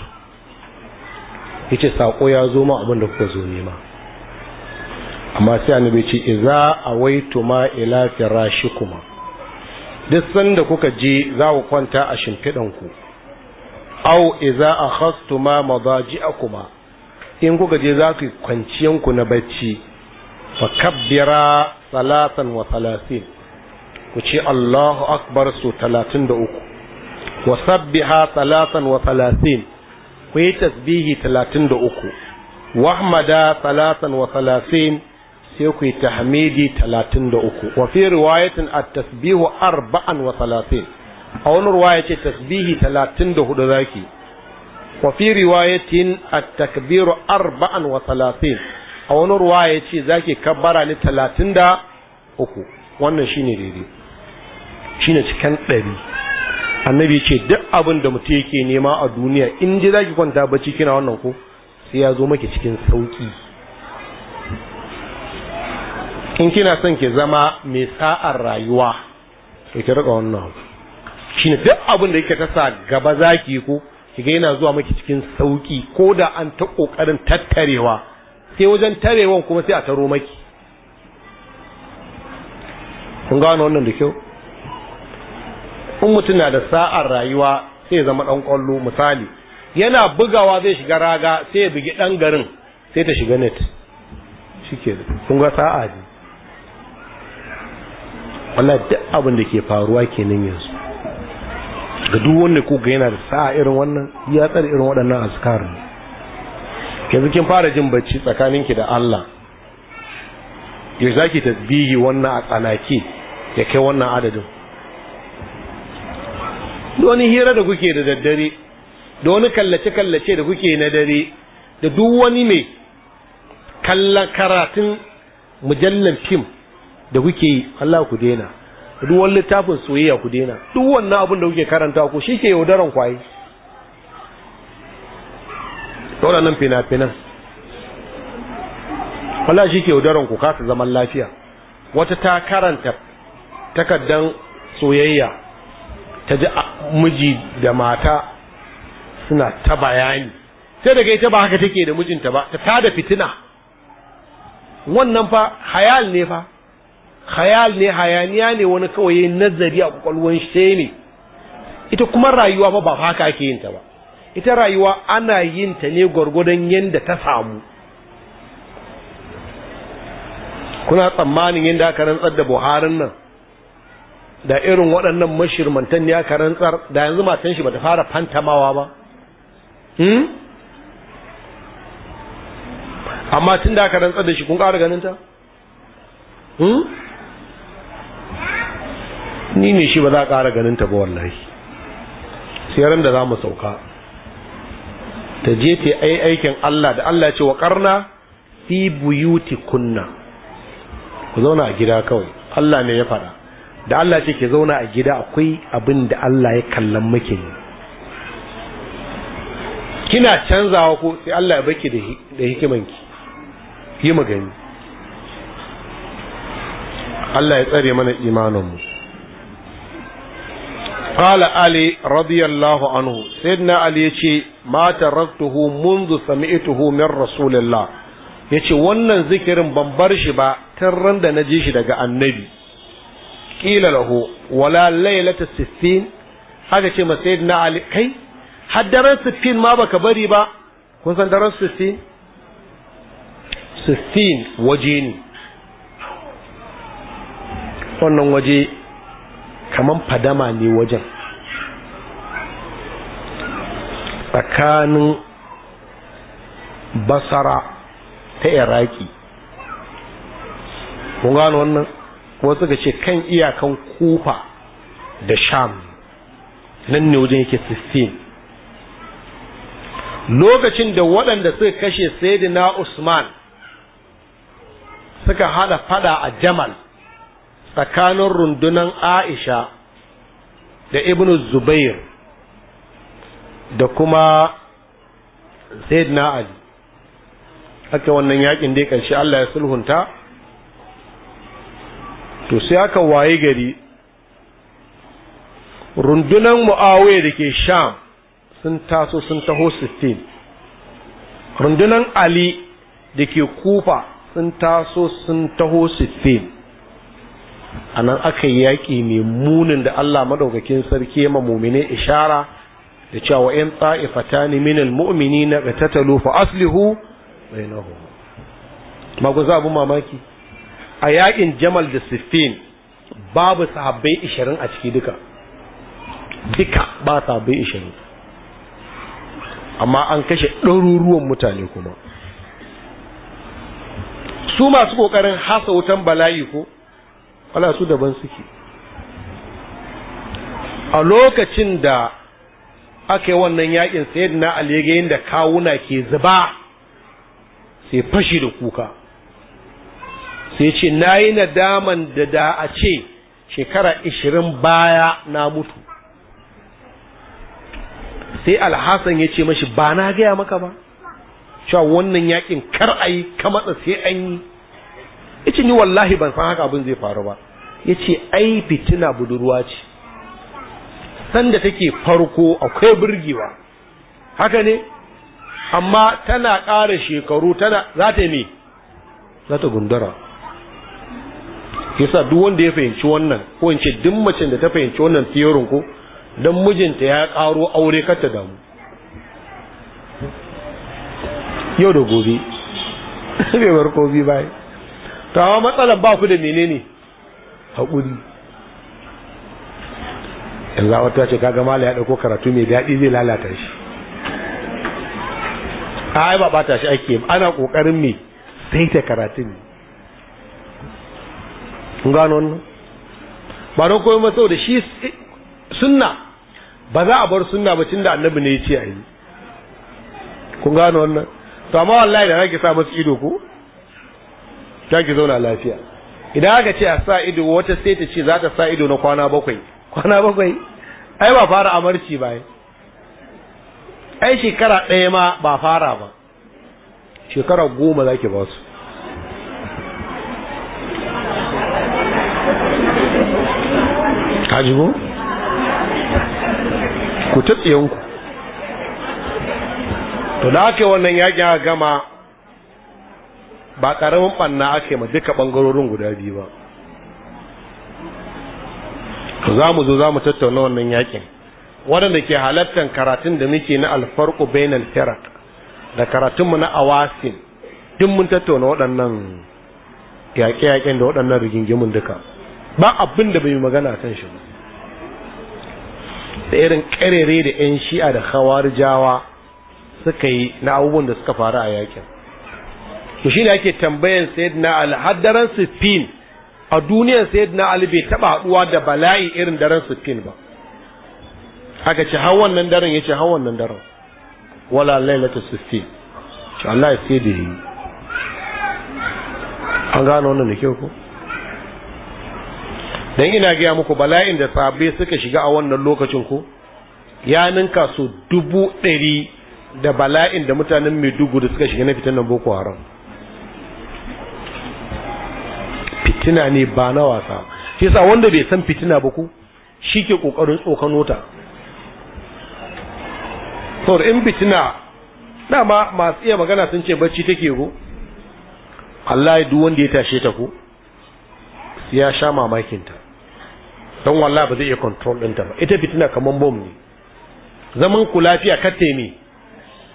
Speaker 1: yace sako ya zo ma abin kuka zo nema amma sai annabi ce idza ma ila kuma duk sanda kuka je za ku kwanta a shimfidan ku au ma idza a kuma in kuka je za ku kwanciyan ku na bacci fa kabbira salatan wa salasin ku ce Allahu akbar su 33 wa sabbiha salatan wa salasin ku yi tasbihi talatin da uku wahmada salatan wa salasin sai ku yi tahmidi talatin da uku wa fi riwayatin at tasbihu arba'an wa salasin a wani riwaya ce tasbihi talatin da hudu zaki wa fi riwayatin at takbiru arba'an wa salasin a wani riwaya ce zaki kabbara ne talatin da uku wannan shine daidai shine cikin ɗari annabi ce duk abin da mutum yake nema a duniya in ji za ki kwanta bacci kina wannan ko sai ya zo maki cikin sauki in kina son ki zama mai sa'ar rayuwa to ki rika wannan shine duk abin da yake ta sa gaba za yi ko ki ga yana zuwa maki cikin sauki ko da an ta kokarin tattarewa sai wajen tarewan kuma sai a taro maki kun gano wannan da kyau in mutum na da sa'ar rayuwa sai zama ɗan ƙwallo misali yana bugawa zai shiga raga sai ya bugi ɗan garin sai ta shiga net shi ke kun ga sa'a ji wala duk abin da ke faruwa kenan yanzu ga duk wanda ko ga yana da sa'a irin wannan ya tsare irin waɗannan askar ne yanzu kin fara jin bacci ki da Allah ya zaki tasbihi wannan a tsanaki ya kai wannan adadin da wani hira da kuke da daddare da wani kallace-kallace da kuke na dare da duk wani mai kallon karatun mujallan fim da kuke yi Allah ku daina duk wani littafin soyayya ku daina duk wannan abin da kuke karanta ku shi ke yaudaran kwaye nan fina-finan wala shi ke yaudaran ku kasa zaman lafiya wata ta karanta takaddan soyayya ta ji miji da mata suna ta bayani sai daga ita ba haka take da mijinta ba ta tada fitina wannan fa hayal ne fa hayal ne hayaniya ne wani kawai nazari a kwakwalwan shi ne ita kuma rayuwa fa ba haka ake yin ta ba ita rayuwa ana yin ta ne gwargwadon yadda ta samu kuna tsammanin yadda aka rantsar da buharin nan da irin waɗannan mashirmantan ya tsar da yanzu matan shi bata fara fantamawa ba hmm? amma tun da aka rantsar da shi kun ƙara ganin ta hmm? ni ne shi ba za a ƙara ganin ta ba wallahi sai ran da za mu sauka ta je ta yi aikin Allah da Allah ce wa ƙarna fi buyuti kunna ku zauna a gida kawai Allah ne ya faɗa da Allah ce ke zauna a gida akwai abin da Allah ya kallon miki ne kina canzawa ko sai Allah ya baki da hikimanki yi magani Allah ya tsare mana imanonmu. qala ali radiyallahu anhu sayyidina ali yace ma taraktuhu منذ sami'tuhu min ya yace wannan zikirin ban bar shi ba tun ran da je shi daga annabi kila lahu wala laylata sittin haka ce ma sayyidina ali kai har daren ma baka bari ba kun san daren sittin sittin waje ne wannan waje kaman fadama ne wajen tsakanin basara ta iraki kun gano wannan wasu ga ce kan iyakan kufa da sham nan ne wajen yake 16 lokacin da waɗanda suka kashe sayyidina usman suka hada fada a jamal tsakanin rundunan aisha da ibn zubair da kuma sayyidina ali aka wannan yakin dai ƙarshe allah ya sulhunta to sai aka waye gari rundunan mu'awiya da ke sham sun taso sun taho 16 rundunan ali da ke kufa sun taso sun taho 16 a nan aka yi yaƙi mai munin da allah maɗaukakin sarki ma mumine ishara da cewa ‘yan ta'ifata ne minin mu'mini na ga tattalo fa aslihu bai na hu abin mamaki a yaƙin jamal da siffin babu sahabbai ishirin a ciki duka duka ba sahabbai ishirin amma an kashe ɗaruruwan mutane kuma su masu ƙoƙarin hasa wutan bala'i ko wala su daban suke a lokacin da aka yi wannan yaƙin sayar na ya da kawuna ke zuba sai fashi da kuka sai ce na yi nadaman da da a ce shekara ishirin baya na mutu sai alhassan ya ce mashi ba na gaya maka ba cewa wannan yakin kar a yi kamatsa sai an yi ya ce ni wallahi ban san haka abin zai faru ba ya ce ai fitina budurwa ce sanda take farko akwai birgewa haka ne amma tana ƙara shekaru tana za ta yi za ta gundura yasa duk wanda ya fahimci wannan ko in ce duk macen da ta fahimci wannan tiyorin ko dan mijinta ya karo aure kar ta damu yau da gobe bai bar bi bai to amma matsalar ba ku da menene hakuri yanzu wata ce kaga mala ya dauko karatu mai daɗi zai lalata shi ai ba bata shi ake ana kokarin me sai ta karatun ne kun gano wannan ba don koyi masau da shi sunna ba za a bar sunna ba tun da annabi ne ya ce a yi kun gano wannan to amma wallahi da zaki sa masu ido ko ta ki zauna lafiya idan aka ce a sa ido wata sai ta ce za ta sa ido na kwana bakwai kwana bakwai ai ba fara amarci ba ai shekara ɗaya ma ba fara ba shekara goma za ki ba su ka ku tatsiyan ku to da ake wannan yakin a gama ba karamin ɓanna ake ma duka bangarorin guda biyu ba to za mu zo za mu tattauna wannan yakin waɗanda ke halattan karatun da muke na alfarku bainal firak da karatunmu na awasin duk mun tattauna waɗannan yaƙe-yaƙen da waɗannan rigingimin duka ba abin da bai magana kan shi da irin karere da 'yan shi'a da jawa suka yi na abubuwan da suka faru a yakin to shi ne ake tambayan sayyidina ali haddaran siffin a duniyar sayyidina ali bai taba haduwa da bala'i irin daren siffin ba aka ce har wannan daren ya ce har wannan daren wala sifin to Allah ya sai an gano wannan da kyau ko dan ina gaya muku bala'in da sahabbai suka shiga a wannan lokacin ku ya ninka su dubu ɗari da bala'in da mutanen maiduguri suka shiga na fitan nan boko haram fitina ne ba na wasa shi yasa wanda bai san fitina ba ku shi ke kokarin tsokano ta saboda in fitina dama masu iya magana sun ce bacci take ku. Allah ya duk wanda ya tashe ta ku ya sha mamakinta don wallahi ba zai iya control ta ba ita fitina kamar bom ne zaman ku lafiya ka teme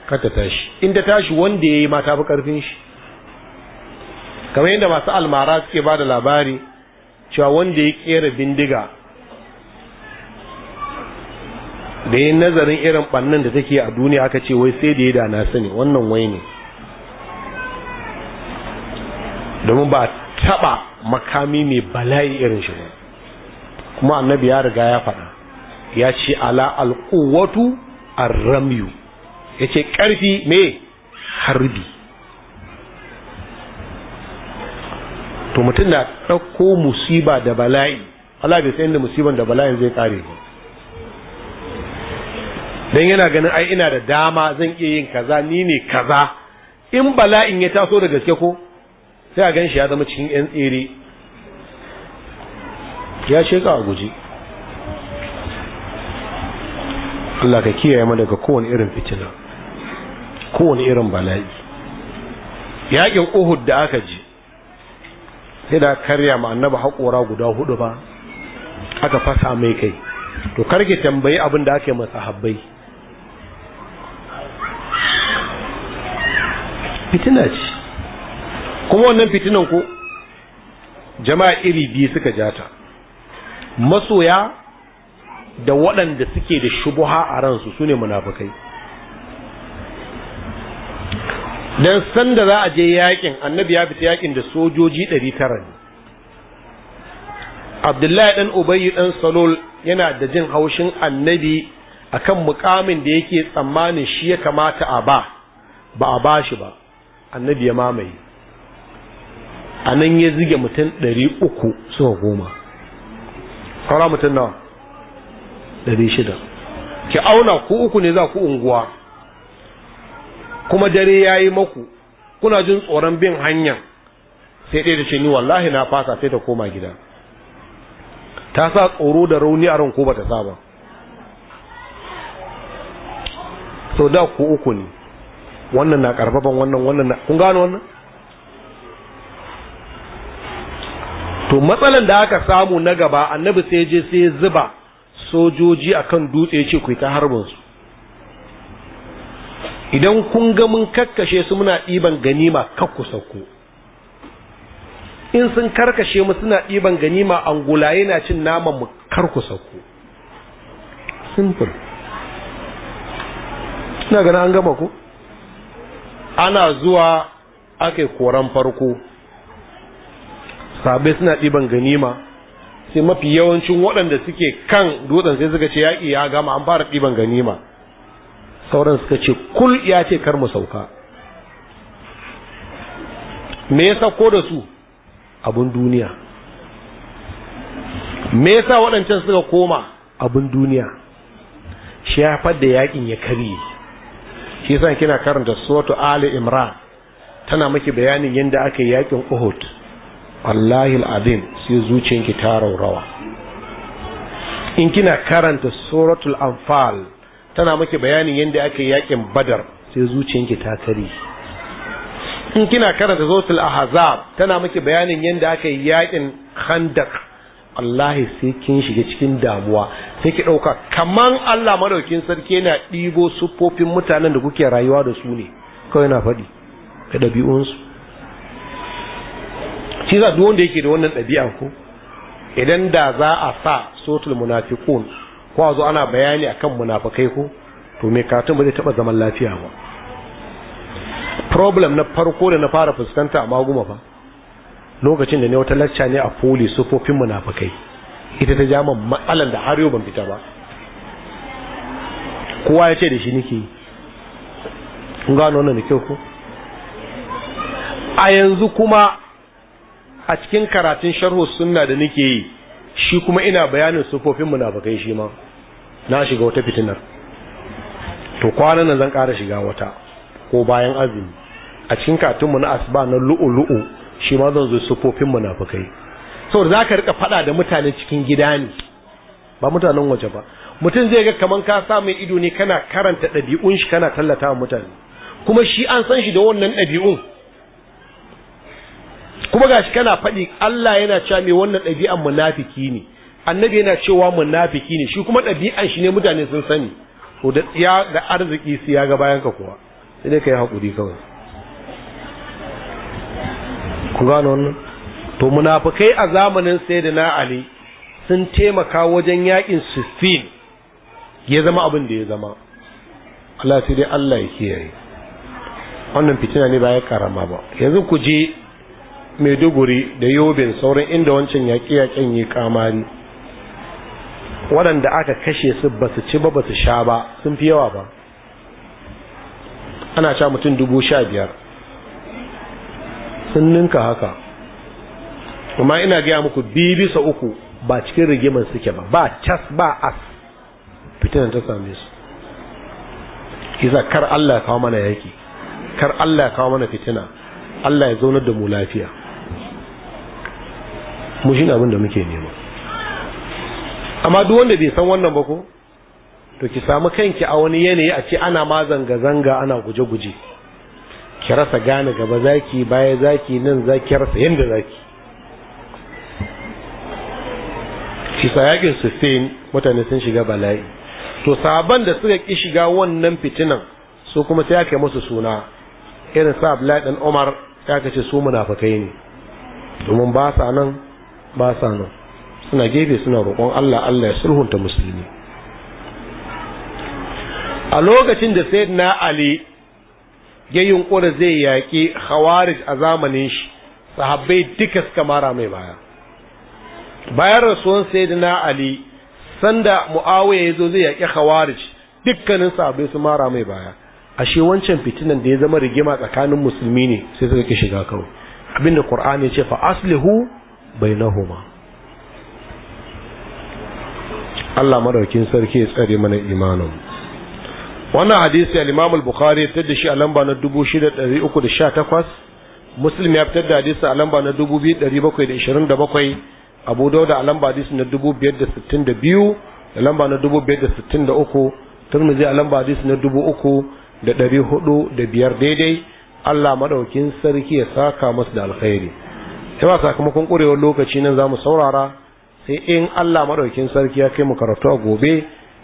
Speaker 1: ka ta tashi inda tashi wanda ya yi ma ta shi kamar yadda masu almara suke ba da labari cewa wanda ya kera bindiga da yin nazarin irin bannan da take a duniya aka ce wai sai da ya dana sani wannan wai ne domin ba taɓa makami mai bala'i irin shi ba kuma annabi ya riga ya faɗa ya ce ala alquwatu arramyu yace karfi me harbi to mutum na ɗauko musiba da bala'i Allah bai san da musiban da bala'in zai kare ba dan yana ganin ai ina da dama zan iya yin kaza ni ne kaza in bala'in ya taso da gaske ko sai a gan shi ya zama cikin yan tsere ya sheka a guje Allah ka kiyaye mana daga kowane irin fitina kowane irin bala'i yakin Uhud da aka ji sai da karya ma annabi haƙora guda hudu ba aka fasa mai kai to karki tambayi abin da ake masa habbai fitina ce kuma wannan fitinan ko jama'a iri biyu suka jata masoya da waɗanda suke da shubuha a ransu su ne munafukai don sanda za a je yaƙin annabi ya fita yakin da sojoji 900 ne abdullahi ɗan ubayi ɗan salol yana da jin haushin annabi a kan mukamin da yake tsammanin shi ya kamata a ba ba a ba shi ba annabi ya mamaye a nan ya zige mutum 300 suka goma saura mutum nawa ɗari shida ki auna ku uku ne za ku unguwa kuma dare ya yi maku kuna jin tsoron bin hanya sai ɗaya da ce ni wallahi na fasa sai ta koma gida ta sa tsoro da rauni a ranko ba ta sa ba so da ku uku ne wannan na karfafan wannan wannan na kun gano wannan to matsalan da aka samu na gaba annabi sai je sai zuba sojoji akan dutse ce ku ta harbin su idan kun ga mun kakkashe su muna ɗiban ganima kakku sauko in sun karkashe mu suna ɗiban ganima angulaye na cin naman mu karku sauko simple ina gana an gama ku ana zuwa ake koran farko sabai suna ɗiban ganima sai mafi yawancin waɗanda suke kan dutsen sai suka ce yaƙi ya gama an fara ɗiban ganima sauran suka ce kul ya ce kar mu sauka me ya sauko da su abin duniya me ya sa waɗancan suka koma abin duniya shi ya da yaƙin ya karye shi yasa kina karanta suratu ali imran tana maki bayanin yadda aka yi yaƙin uhud wallahi al'azim sai zuciyanki ta raurawa in kina karanta suratul anfal tana maki bayanin yadda aka yakin badar sai zuciyanki ta kare in kina karanta suratul ahzab tana maki bayanin yadda aka yakin khandaq wallahi sai kin shiga cikin damuwa sai ki dauka kaman Allah madaukin sarki yana ɗibo sufofin mutanen da kuke rayuwa da su ne kawai na faɗi ka dabi'unsu shi za duk wanda yake da wannan ɗabi'an ko idan da za a sa sotul munafiqun ko a zo ana bayani akan munafikai ko to me katun ba zai taba zaman lafiya ba problem na farko da na fara fuskanta a maguma fa lokacin da ne wata lacca ne a foli sufofin munafikai ita ta jama matsalan da har yau ban fita ba kowa ya ce da shi nake kun gano wannan da kyau ko a yanzu kuma a cikin karatun sharhu sunna da nake yi shi kuma ina bayanin sufofin munafikai shi ma na shiga wata fitinar to kwanan nan zan ƙara shiga wata ko bayan azumi a cikin mu na asuba na lu'u-lu'u shi ma zan zo sufofin munafikai saboda za ka rika faɗa da mutane cikin gida ne ba mutanen waje ba mutum zai ga kaman ka sa mai ido ne kana karanta ɗabi'un shi kana tallata wa mutane kuma shi an san shi da wannan ɗabi'un kuma gashi kana faɗi Allah yana cewa me wannan ɗabi'an munafiki ne annabi yana cewa munafiki ne shi kuma ɗabi'an shi ne mutane sun sani to da tsiya da arziki su ya ga bayan kuwa sai dai kai hakuri kawai ku gano wannan to munafikai a zamanin sayyidina ali sun taimaka wajen yakin sufin ya zama abin da ya zama Allah sai dai Allah ya kiyaye wannan fitina ne ba ya karama ba yanzu ku je maiduguri da yobin sauran inda wancan yaƙi yaƙen yi kamari waɗanda aka kashe su ba su ci ba ba su sha ba sun fi yawa ba ana sha mutum dubu sha biyar sun ninka haka amma ina gaya muku biyu bisa uku ba cikin rigimar suke ba ba cas ba as fitinan ta same su kisa kar Allah ya kawo mana yaƙi kar Allah ya kawo mana fitina Allah ya zaunar da mu lafiya mu shi abin da muke nema amma duk wanda bai san wannan ba ko to ki samu kanki a wani yanayi a ce ana ma zanga-zanga ana guje-guje ki rasa gane gaba zaki baya zaki nan zaki rasa yadda zaki kisa yakin sufin mutane sun shiga bala'i to sabon da suka ki shiga wannan fitinan su kuma sai aka musu suna irin sa Abdullahi dan Umar ya kace su munafikai ne domin ba sa nan ba sa nan suna gefe suna roƙon Allah Allah ya sulhunta musulmi a lokacin da na Ali ya yunkura zai yaƙi khawarij a zamanin shi sahabbai duka suka mara mai baya bayan rasuwan na Ali sanda Muawiya ya zo zai yaƙi khawarij dukkanin sahabbai su mara mai baya ashe wancan fitinan da ya zama rigima tsakanin musulmi ne sai suka ki shiga kawai abinda Qur'ani ya ce fa aslihu bainahuma Allah madaukin sarki ya tsare mana imanin wannan hadisi al-Imam al-Bukhari ya fitar da shi a lamba na 6318 Muslim ya fitar da hadisi a lamba na 2727 Abu Dawud a lamba hadisi na 2562 da lamba na 2563 Tirmidhi a lamba hadisi na 3405 daidai Allah madaukin sarki ya saka masa da alkhairi sai ba sakamakon ƙurewar lokaci nan za mu saurara sai in Allah maɗaukin sarki ya kai mu karatu a gobe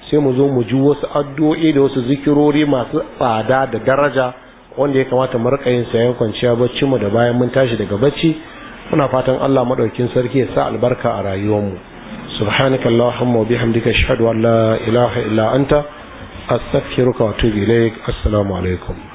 Speaker 1: sai mu zo mu ji wasu addu'o'i da wasu zikirori masu tsada da daraja wanda ya kamata mu rika yin sayan kwanciya bacci mu da bayan mun tashi daga bacci muna fatan Allah maɗaukin sarki ya sa albarka a rayuwarmu subhanaka allahumma wa bihamdika ashhadu an la ilaha illa anta astaghfiruka wa atubu ilaik assalamu alaikum